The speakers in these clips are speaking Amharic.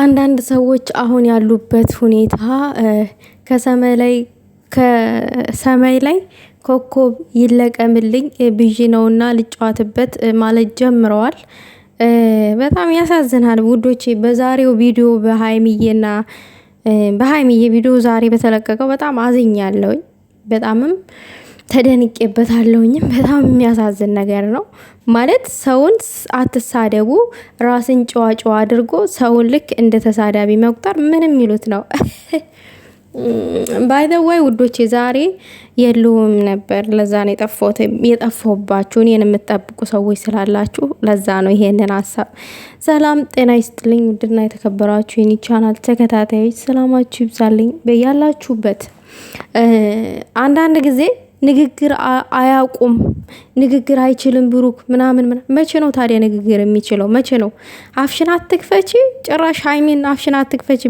አንዳንድ ሰዎች አሁን ያሉበት ሁኔታ ከሰማይ ላይ ከሰማይ ላይ ኮከብ ይለቀምልኝ ብዬ ነውና ልጨዋትበት ማለት ጀምረዋል። በጣም ያሳዝናል ውዶቼ። በዛሬው ቪዲዮ በሀይሚዬና በሀይሚዬ ቪዲዮ ዛሬ በተለቀቀው በጣም አዝኛለሁኝ በጣምም ተደንቄበታለሁኝም። በጣም የሚያሳዝን ነገር ነው ማለት ሰውን አትሳደቡ፣ ራስን ጨዋጨዋ አድርጎ ሰውን ልክ እንደ ተሳዳቢ መቁጠር ምንም ይሉት ነው። ባይዘዋይ ውዶቼ ዛሬ የለውም ነበር። ለዛ ነው የጠፋሁባችሁ። እኔን የምትጠብቁ ሰዎች ስላላችሁ ለዛ ነው ይሄንን ሀሳብ። ሰላም ጤና ይስጥልኝ። ውድና የተከበራችሁ የኔ ቻናል ተከታታዮች ሰላማችሁ ይብዛልኝ በያላችሁበት። አንዳንድ ጊዜ ንግግር አያውቁም፣ ንግግር አይችልም ብሩክ ምናምን ምናምን። መቼ ነው ታዲያ ንግግር የሚችለው? መቼ ነው? አፍሽን አትክፈቺ፣ ጭራሽ ሀይሚን አፍሽን አትክፈቺ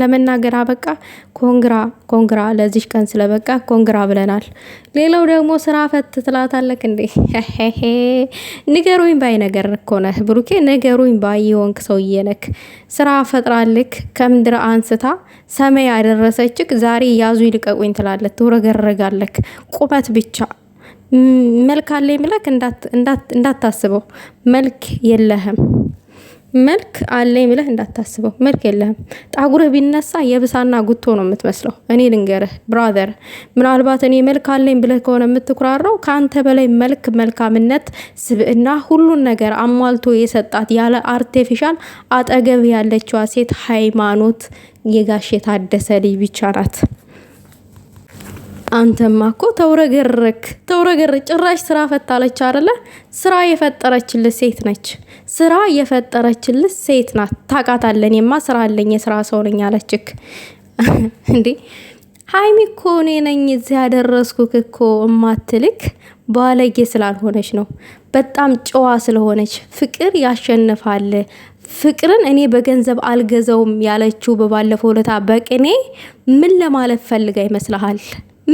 ለመናገር አበቃ። ኮንግራ ኮንግራ፣ ለዚሽ ቀን ስለበቃ ኮንግራ ብለናል። ሌላው ደግሞ ስራ ፈት ትላታለክ እንዴ? ንገሩኝ ባይ ነገር እኮ ነህ ብሩኬ፣ ንገሩኝ ባይ የሆንክ ሰውዬ ነክ። ስራ ፈጥራልክ ከምድር አንስታ ሰማይ ያደረሰችክ፣ ዛሬ ያዙ ይልቀቁኝ ትላለት፣ ትውረገረጋለክ ውበት ብቻ መልክ አለ ብለክ እንዳታስበው። መልክ የለህም። መልክ አለ ብለህ እንዳታስበው። መልክ የለህም። ጣጉርህ ቢነሳ የብሳና ጉቶ ነው የምትመስለው። እኔ ልንገርህ ብራዘር፣ ምናልባት እኔ መልክ አለኝ ብለህ ከሆነ የምትኩራራው ከአንተ በላይ መልክ፣ መልካምነት፣ ስብዕና፣ ሁሉን ነገር አሟልቶ የሰጣት ያለ አርቴፊሻል አጠገብ ያለችዋ ሴት ሃይማኖት የጋሽ የታደሰ ልጅ ብቻ ናት። አንተማ እኮ ተውረገረክ ተውረገረ ጭራሽ ስራ ፈታለች አይደለ? ስራ የፈጠረችልህ ሴት ነች። ስራ የፈጠረችልህ ሴት ናት። ታቃታለን የማ ስራ አለኝ የስራ ሰው ነኝ አለችክ እንዴ? ሀይሚ እኮ እኔ ነኝ እዚህ ያደረስኩክ እኮ እማትልክ ባለጌ ስላልሆነች ነው። በጣም ጨዋ ስለሆነች ፍቅር ያሸንፋል። ፍቅርን እኔ በገንዘብ አልገዛውም ያለችው በባለፈው ለታ በቅኔ ምን ለማለት ፈልጋ ይመስልሃል?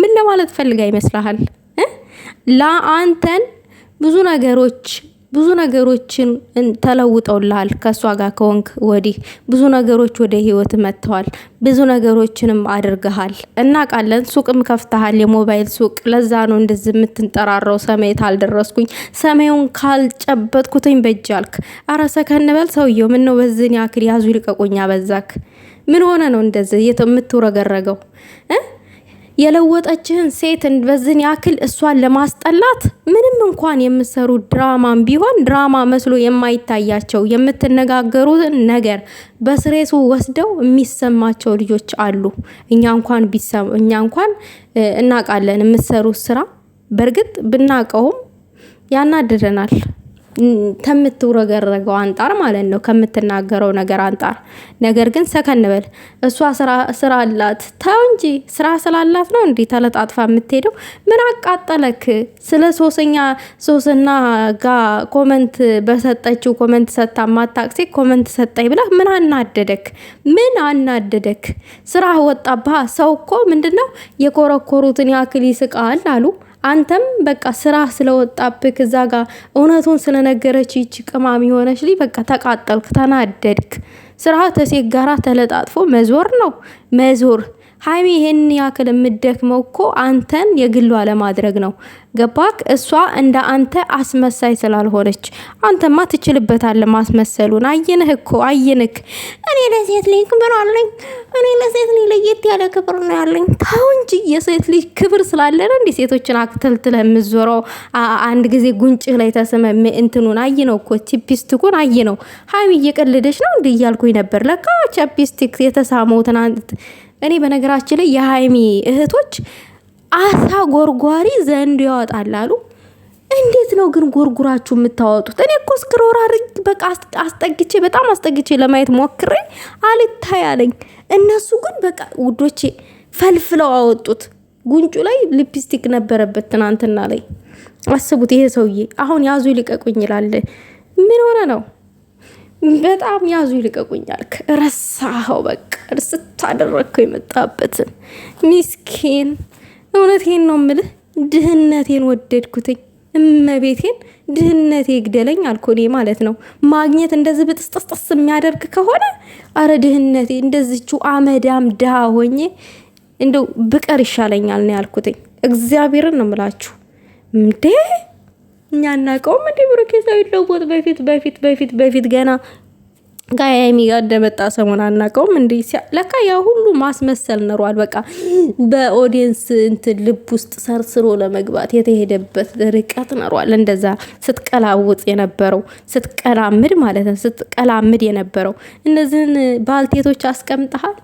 ምን ለማለት ፈልጋ ይመስልሃል? ለአንተን ብዙ ነገሮች ብዙ ነገሮችን ተለውጠውልሃል። ከእሷ ጋር ከወንክ ወዲህ ብዙ ነገሮች ወደ ህይወት መጥተዋል። ብዙ ነገሮችንም አድርገሃል። እናውቃለን። ሱቅም ከፍተሃል፣ የሞባይል ሱቅ። ለዛ ነው እንደዚህ የምትንጠራራው። ሰማይ ታልደረስኩኝ፣ ሰማዩን ካልጨበጥኩትኝ በጅ አልክ። አረ ሰውየው። ምን ነው በዝን ያክል ያዙ ይልቀቁኛ። በዛክ። ምን ሆነ ነው እንደዚህ የምትውረገረገው? የለወጠችህን ሴት በዝን ያክል እሷን ለማስጠላት ምንም እንኳን የምትሰሩ ድራማም ቢሆን ድራማ መስሎ የማይታያቸው የምትነጋገሩትን ነገር በስሬቱ ወስደው የሚሰማቸው ልጆች አሉ። እኛ እንኳን እኛ እንኳን እናውቃለን የምትሰሩት ስራ በእርግጥ ብናቀውም ያናድደናል። ከምትውረገረገው አንጣር ማለት ነው፣ ከምትናገረው ነገር አንጣር። ነገር ግን ሰከን በል። እሷ ስራ አላት። ተው እንጂ ስራ ስላላት ነው እንዲህ ተለጣጥፋ የምትሄደው። ምን አቃጠለክ? ስለ ሶስኛ ሶስና ጋ ኮመንት በሰጠችው ኮመንት ሰታ ማታቅሴ ኮመንት ሰጠኝ ብላ ምን አናደደክ? ምን አናደደክ? ስራ ወጣባ። ሰው እኮ ምንድነው የኮረኮሩትን ያክል ይስቃል አሉ አንተም በቃ ስራ ስለወጣብህ እዛ ጋ እውነቱን ስለነገረች ይች ቅማሚ የሆነች ልጅ በቃ ተቃጠልክ፣ ተናደድክ። ስራ ተሴት ጋራ ተለጣጥፎ መዞር ነው መዞር ሀይሚ ይሄን ያክል የምደክመው እኮ አንተን የግሏ ለማድረግ ነው። ገባክ? እሷ እንደ አንተ አስመሳይ ስላልሆነች አንተማ ትችልበታለ ማስመሰሉን አየንህ እኮ አየንክ። እኔ ለሴት ልጅ ክብር አለኝ። እኔ ለሴት ልጅ ለየት ያለ ክብር ነው ያለኝ። ተው እንጂ የሴት ልጅ ክብር ስላለን እንዲ ሴቶችን አክተልትለ የምዞረው አንድ ጊዜ ጉንጭህ ላይ ተስመ እንትኑን አይ ነው እኮ ቺፕስቲኩን አይ ነው። ሀይሚ እየቀለደች ነው እንዲ እያልኩኝ ነበር። ለካ ቻፕስቲክ የተሳመው ትናንት እኔ በነገራችን ላይ የሀይሚ እህቶች አሳ ጎርጓሪ ዘንድ ያወጣል አሉ። እንዴት ነው ግን ጎርጉራችሁ የምታወጡት? እኔ እኮ ስክሮር አድርግ በቃ አስጠግቼ በጣም አስጠግቼ ለማየት ሞክሬ አልታያለኝ። እነሱ ግን በቃ ውዶቼ ፈልፍለው አወጡት። ጉንጩ ላይ ሊፕስቲክ ነበረበት ትናንትና ላይ አስቡት። ይሄ ሰውዬ አሁን ያዙ ይልቀቁኝ ይላል። ምን ሆነ ነው? በጣም ያዙ ይልቀቁኛል። ረሳኸው፣ በቃ ስታደረግከው የመጣበትን ሚስኪን። እውነቴን ነው ምልህ፣ ድህነቴን ወደድኩትኝ። እመቤቴን ድህነቴ ይግደለኝ አልኩ እኔ ማለት ነው። ማግኘት እንደዚህ ብጥስጥስጥስ የሚያደርግ ከሆነ አረ ድህነቴ እንደዚችው አመዳም ድሃ ሆኜ እንደው ብቀር ይሻለኛል ነው ያልኩትኝ። እግዚአብሔርን ነው ምላችሁ እንዴ እኛ እናቀውም እንዲ ሳይለወጥ በፊት በፊት በፊት በፊት ገና ከሀይሚ ጋር እንደመጣ ሰሞን አናውቀውም። እንዲ ለካ ያ ሁሉ ማስመሰል ኖሯል። በቃ በኦዲየንስ እንትን ልብ ውስጥ ሰርስሮ ለመግባት የተሄደበት ርቀት ኖሯል። እንደዛ ስትቀላውጥ የነበረው ስትቀላምድ ማለት ነው። ስትቀላምድ የነበረው እነዚህን ባልቴቶች አስቀምጠሃል።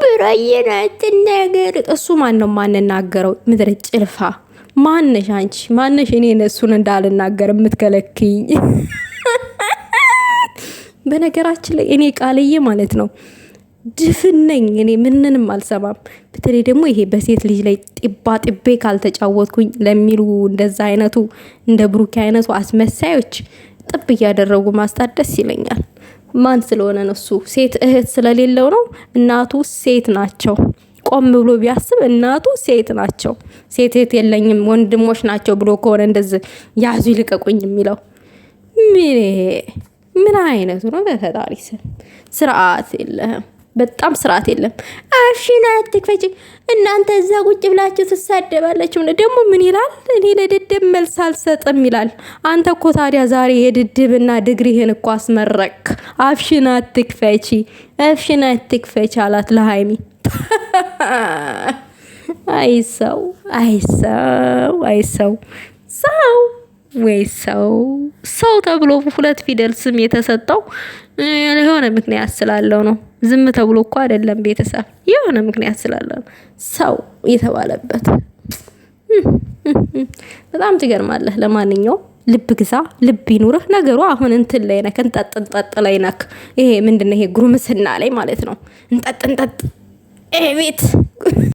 ብራየናትን ነገር እሱ ማን ነው ማንናገረው? ምድረ ጭልፋ ማነሽ አንቺ ማነሽ? እኔ እነሱን እንዳልናገር የምትከለክኝ። በነገራችን ላይ እኔ ቃልዬ ማለት ነው ድፍን ነኝ። እኔ ምንንም አልሰማም። በተለይ ደግሞ ይሄ በሴት ልጅ ላይ ጢባ ጢቤ ካልተጫወትኩኝ ለሚሉ እንደዛ አይነቱ እንደ ብሩኬ አይነቱ አስመሳዮች ጥብ እያደረጉ ማስጣት ደስ ይለኛል። ማን ስለሆነ ነው እሱ? ሴት እህት ስለሌለው ነው። እናቱ ሴት ናቸው። ቆም ብሎ ቢያስብ እናቱ ሴት ናቸው፣ ሴት እህት የለኝም ወንድሞች ናቸው ብሎ ከሆነ እንደዚህ ያዙ ይልቀቁኝ የሚለው ምን አይነቱ ነው? በፈጣሪ ስም ስርዓት የለህም። በጣም ስርዓት የለም። አፍሽን አትክፈች። እናንተ እዛ ቁጭ ብላችሁ ትሳደባላችሁ። ደግሞ ምን ይላል? እኔ ለድድብ መልስ አልሰጥም ይላል። አንተ እኮ ታዲያ ዛሬ የድድብና ድግሪህን እኮ አስመረቅ። አፍሽን አትክፈቺ፣ አፍሽን አላት ለሀይሚ አይ ሰው አይ ሰው አይ ሰው ሰው ወይ ሰው ሰው ተብሎ ሁለት ፊደል ስም የተሰጠው የሆነ ምክንያት ስላለው ነው። ዝም ተብሎ እኮ አይደለም ቤተሰብ፣ የሆነ ምክንያት ስላለው ነው ሰው የተባለበት። በጣም ትገርማለህ። ለማንኛውም ልብ ግዛ፣ ልብ ይኑርህ። ነገሩ አሁን እንትን ላይ ነክ፣ እንጠጥ እንጠጥ ላይ ነክ። ይሄ ምንድን ነው? ይሄ ጉርምስና ላይ ማለት ነው። እንጠጥ እንጠጥ Evet.